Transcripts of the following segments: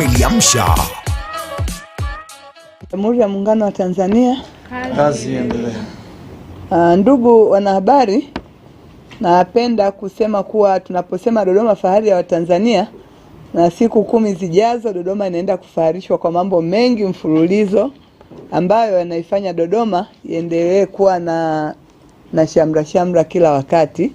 ameliamsha. Jamhuri ya Muungano wa Tanzania, kazi iendelee. Uh, ndugu wanahabari, napenda kusema kuwa tunaposema Dodoma fahari ya Watanzania, na siku kumi zijazo Dodoma inaenda kufaharishwa kwa mambo mengi mfululizo ambayo yanaifanya Dodoma iendelee kuwa na, na shamra shamra kila wakati,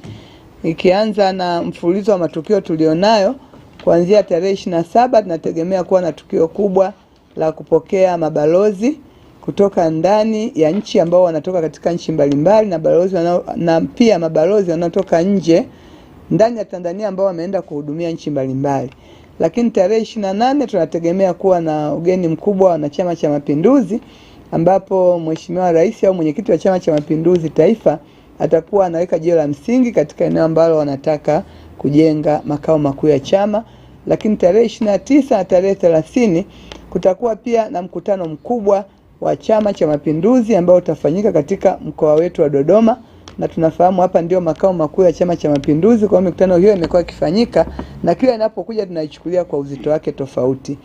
ikianza na mfululizo wa matukio tulionayo Kuanzia tarehe ishirini na saba tunategemea kuwa na tukio kubwa la kupokea mabalozi kutoka ndani ya nchi ambao wanatoka katika nchi mbalimbali na balozi wanao, na pia mabalozi wanaotoka nje ndani ya Tanzania ambao wameenda kuhudumia nchi mbalimbali. Lakini tarehe ishirini na nane tunategemea kuwa na ugeni mkubwa na Chama cha Mapinduzi ambapo Mheshimiwa Rais au mwenyekiti wa Chama cha Mapinduzi Taifa atakuwa anaweka jiwe la msingi katika eneo ambalo wanataka kujenga makao makuu ya chama. Lakini tarehe ishirini na tisa na tarehe thelathini kutakuwa pia na mkutano mkubwa wa Chama cha Mapinduzi ambao utafanyika katika mkoa wetu wa Dodoma, na tunafahamu hapa ndio makao makuu ya Chama cha Mapinduzi. Kwa hiyo mikutano hiyo imekuwa ikifanyika na kila inapokuja tunaichukulia kwa uzito wake tofauti.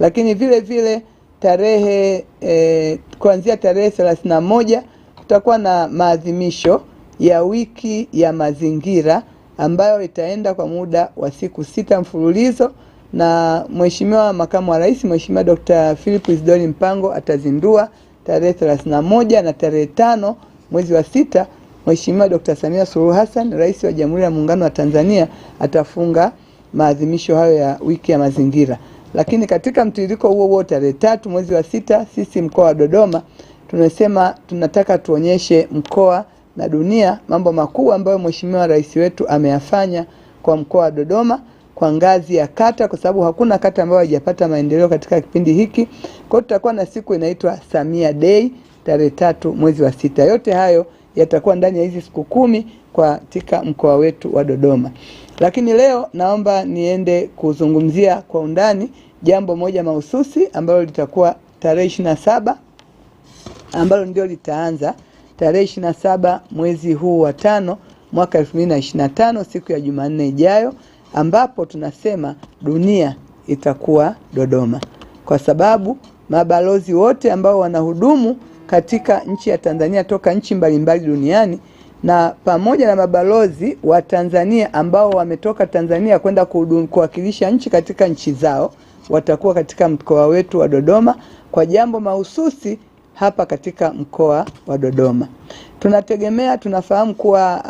Lakini vile vile tarehe e, kuanzia tarehe thelathini na moja kutakuwa na maadhimisho ya wiki ya mazingira ambayo itaenda kwa muda wa siku sita mfululizo na Mheshimiwa Makamu wa Rais Mheshimiwa Dr. Philip Isdori Mpango atazindua tarehe 31 na tarehe tano mwezi wa sita. Mheshimiwa d Samia Suluhu Hassan, Rais wa Jamhuri ya Muungano wa Tanzania, atafunga maadhimisho hayo ya wiki ya mazingira. Lakini katika mtiririko huo huo, tarehe tatu mwezi wa sita, sisi mkoa wa Dodoma tunasema tunataka tuonyeshe mkoa na dunia, mambo makubwa ambayo Mheshimiwa Rais wetu ameyafanya kwa mkoa wa Dodoma kwa ngazi ya kata, kwa sababu hakuna kata ambayo haijapata maendeleo katika kipindi hiki. Kwa hiyo tutakuwa na siku inaitwa Samia Day tarehe tatu mwezi wa sita. Yote hayo yatakuwa ndani ya hizi siku kumi katika mkoa wetu wa Dodoma. Lakini leo naomba niende kuzungumzia kwa undani jambo moja mahususi ambalo litakuwa tarehe ishirini na saba ambalo ndio litaanza tarehe saba mwezi huu wa tano mwaka tano siku ya Jumanne ijayo, ambapo tunasema dunia itakuwa Dodoma, kwa sababu mabalozi wote ambao wanahudumu katika nchi ya Tanzania toka nchi mbalimbali duniani na pamoja na mabalozi wa Tanzania ambao wametoka Tanzania kwenda kuwakilisha nchi katika nchi zao watakuwa katika mkoa wetu wa Dodoma kwa jambo mahususi hapa katika mkoa wa Dodoma. Tunategemea, tunafahamu kuwa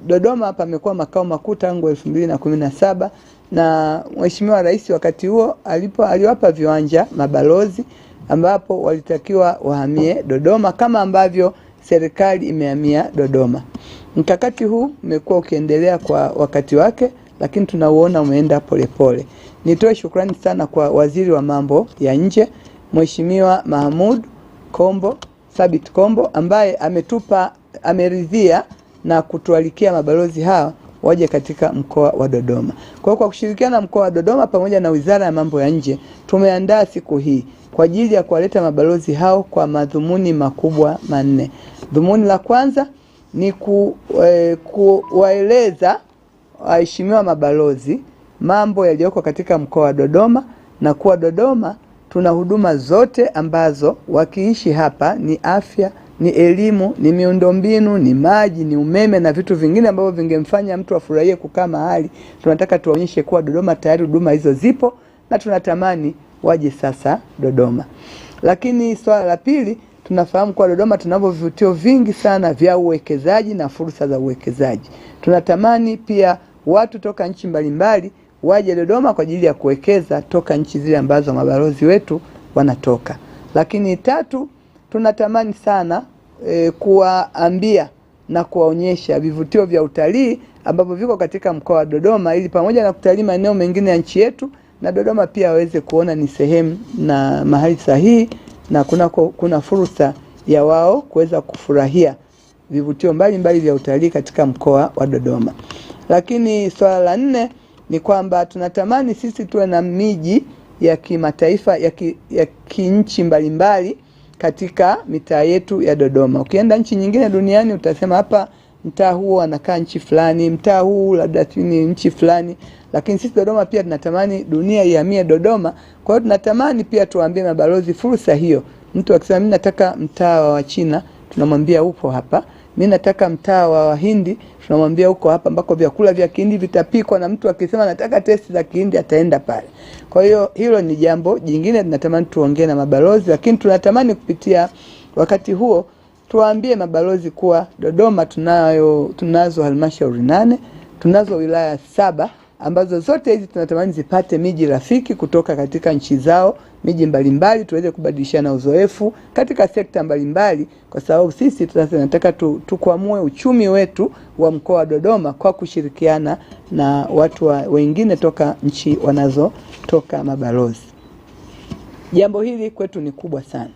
uh, Dodoma pamekuwa makao makuu tangu elfu mbili na kumi na saba na Mheshimiwa Rais wakati huo alipo aliwapa viwanja mabalozi ambapo walitakiwa wahamie Dodoma kama ambavyo serikali imehamia Dodoma. Mkakati huu umekuwa ukiendelea kwa wakati wake, lakini tunauona umeenda polepole. Nitoe shukrani sana kwa Waziri wa Mambo ya Nje Mheshimiwa Mahmud Kombo, Thabit Kombo ambaye ametupa ameridhia na kutualikia mabalozi hao waje katika mkoa wa Dodoma. Kwa hiyo kwa kushirikiana na mkoa wa Dodoma pamoja na Wizara ya Mambo ya Nje tumeandaa siku hii kwa ajili ya kuwaleta mabalozi hao kwa madhumuni makubwa manne. Dhumuni la kwanza ni ku, eh, kuwaeleza waheshimiwa mabalozi mambo yaliyoko katika mkoa wa Dodoma na kuwa Dodoma tuna huduma zote ambazo wakiishi hapa ni afya, ni elimu, ni miundombinu, ni maji, ni umeme na vitu vingine ambavyo vingemfanya mtu afurahie kukaa mahali. Tunataka tuwaonyeshe kuwa Dodoma tayari huduma hizo zipo na tunatamani waje sasa Dodoma. Lakini swala la pili, tunafahamu kuwa Dodoma tunavyo vivutio vingi sana vya uwekezaji na fursa za uwekezaji. Tunatamani pia watu toka nchi mbalimbali waje Dodoma kwa ajili ya kuwekeza toka nchi zile ambazo mabalozi wetu wanatoka. Lakini tatu, tunatamani sana e, kuwaambia na kuwaonyesha vivutio vya utalii ambavyo viko katika mkoa wa Dodoma ili pamoja na kutalii maeneo mengine ya nchi yetu na Dodoma pia waweze kuona ni sehemu na mahali sahihi na kuna, kuna fursa ya wao kuweza kufurahia vivutio mbalimbali vya utalii katika mkoa wa Dodoma. Lakini swala la nne ni kwamba tunatamani sisi tuwe na miji ya kimataifa ya, ki, ya kinchi mbalimbali katika mitaa yetu ya Dodoma. Ukienda nchi nyingine duniani utasema hapa mtaa huu anakaa nchi fulani, mtaa huu labda ni nchi fulani, lakini sisi Dodoma pia tunatamani dunia ihamie Dodoma. Kwa hiyo tunatamani pia tuwaambie mabalozi fursa hiyo. Mtu akisema mimi nataka mtaa wa china tunamwambia upo hapa mi nataka mtaa wa Wahindi, tunamwambia huko hapa ambako vyakula vya Kihindi vitapikwa, na mtu akisema nataka testi za Kihindi ataenda pale. Kwa hiyo hilo ni jambo jingine tunatamani tuongee na mabalozi, lakini tunatamani kupitia wakati huo tuwaambie mabalozi kuwa Dodoma tunayo, tunazo halmashauri nane, tunazo wilaya saba ambazo zote hizi tunatamani zipate miji rafiki kutoka katika nchi zao miji mbalimbali, tuweze kubadilishana uzoefu katika sekta mbalimbali, kwa sababu sisi tunataka tukwamue uchumi wetu wa mkoa wa Dodoma kwa kushirikiana na watu wa wengine toka nchi wanazotoka mabalozi. Jambo hili kwetu ni kubwa sana.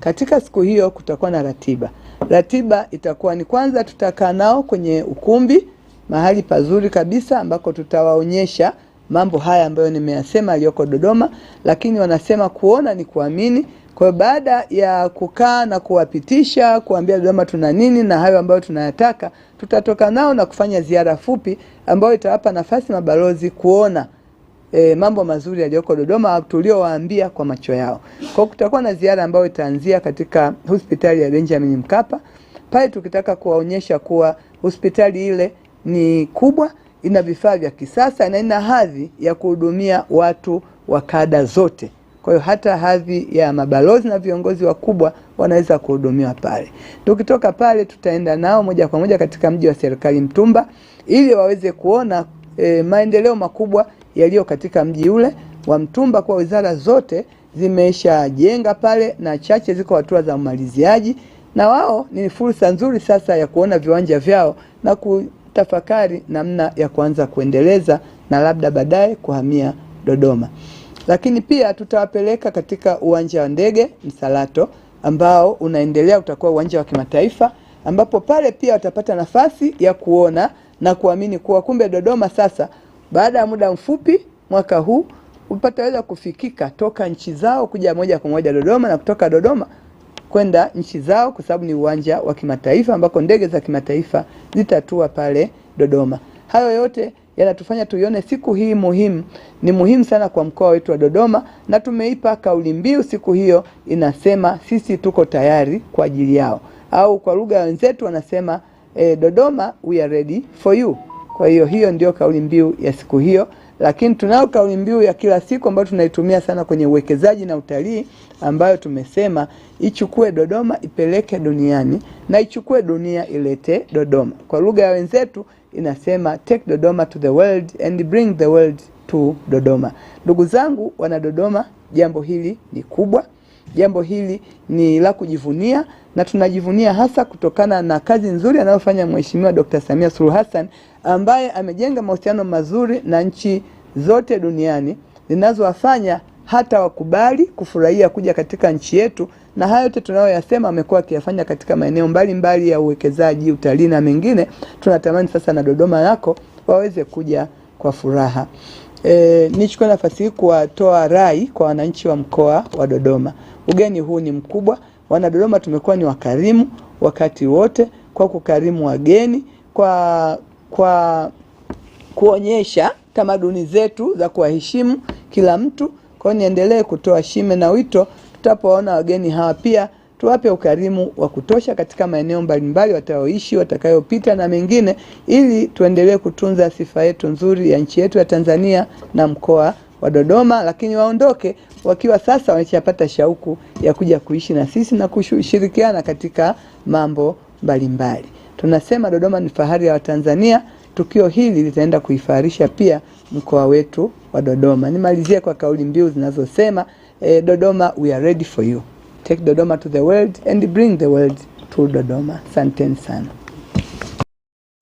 Katika siku hiyo kutakuwa na ratiba. Ratiba itakuwa ni kwanza, tutakaa nao kwenye ukumbi mahali pazuri kabisa ambako tutawaonyesha mambo haya ambayo nimeyasema aliyoko Dodoma, lakini wanasema kuona ni kuamini. Kwa hiyo baada ya kukaa na kuwapitisha, kuambia Dodoma tuna nini na hayo ambayo tunayataka, tutatoka nao na kufanya ziara fupi ambayo itawapa nafasi mabalozi kuona E, mambo mazuri yaliyoko Dodoma tuliowaambia kwa macho yao. Kwa hiyo kutakuwa na ziara ambayo itaanzia katika hospitali ya Benjamin Mkapa pale, tukitaka kuwaonyesha kuwa hospitali ile ni kubwa ina vifaa vya kisasa na ina hadhi ya kuhudumia watu wa kada zote. Kwa hiyo hata hadhi ya mabalozi na viongozi wakubwa wanaweza kuhudumiwa pale. Tukitoka pale, tutaenda nao moja kwa moja katika mji wa serikali Mtumba ili waweze kuona e, maendeleo makubwa yaliyo katika mji ule wa Mtumba, kwa wizara zote zimeshajenga pale na chache ziko hatua za umaliziaji, na wao ni fursa nzuri sasa ya kuona viwanja vyao na ku tafakari namna ya kuanza kuendeleza na labda baadaye kuhamia Dodoma. Lakini pia tutawapeleka katika uwanja wa ndege Msalato ambao unaendelea, utakuwa uwanja wa kimataifa ambapo pale pia watapata nafasi ya kuona na kuamini kuwa kumbe Dodoma sasa baada ya muda mfupi mwaka huu upataweza kufikika toka nchi zao kuja moja kwa moja Dodoma na kutoka Dodoma kwenda nchi zao, kwa sababu ni uwanja wa kimataifa ambako ndege za kimataifa zitatua pale Dodoma. Hayo yote yanatufanya tuione siku hii muhimu, ni muhimu sana kwa mkoa wetu wa Dodoma, na tumeipa kauli mbiu siku hiyo inasema, sisi tuko tayari kwa ajili yao, au kwa lugha ya wenzetu wanasema eh, Dodoma we are ready for you. Kwa hiyo hiyo ndio kauli mbiu ya siku hiyo. Lakini tunayo kauli mbiu ya kila siku ambayo tunaitumia sana kwenye uwekezaji na utalii ambayo tumesema ichukue Dodoma ipeleke duniani na ichukue dunia ilete Dodoma. Kwa lugha ya wenzetu inasema take Dodoma to the world and bring the world to Dodoma. Ndugu zangu wana Dodoma, jambo hili ni kubwa, jambo hili ni la kujivunia na tunajivunia hasa kutokana na kazi nzuri anayofanya Mheshimiwa Dr. Samia Suluhu Hassan ambaye amejenga mahusiano mazuri na nchi zote duniani zinazowafanya hata wakubali kufurahia kuja katika nchi yetu, na haya yote tunayoyasema amekuwa akiyafanya katika maeneo mbalimbali ya uwekezaji, utalii na mengine. Tunatamani sasa na Dodoma yako waweze kuja kwa furaha. E, nichukue nafasi hii kuwatoa rai kwa wananchi wa mkoa wa Dodoma. Ugeni huu ni mkubwa. Wanadodoma tumekuwa ni wakarimu wakati wote kwa kukarimu wageni kwa kwa kuonyesha tamaduni zetu za kuwaheshimu kila mtu. Kwa hiyo niendelee kutoa shime na wito, tutapoona wageni hawa pia tuwape ukarimu wa kutosha katika maeneo mbalimbali watayoishi, watakayopita na mengine, ili tuendelee kutunza sifa yetu nzuri ya nchi yetu ya Tanzania na mkoa wa Dodoma, lakini waondoke wakiwa sasa wameshapata shauku ya kuja kuishi na sisi na kushirikiana katika mambo mbalimbali. Tunasema Dodoma ni fahari ya Watanzania. Tukio hili litaenda kuifaharisha pia mkoa wetu wa Dodoma. Nimalizie kwa kauli mbiu zinazosema eh, Dodoma we are ready for you. Take Dodoma to the world and bring the world to Dodoma. Asanteni sana.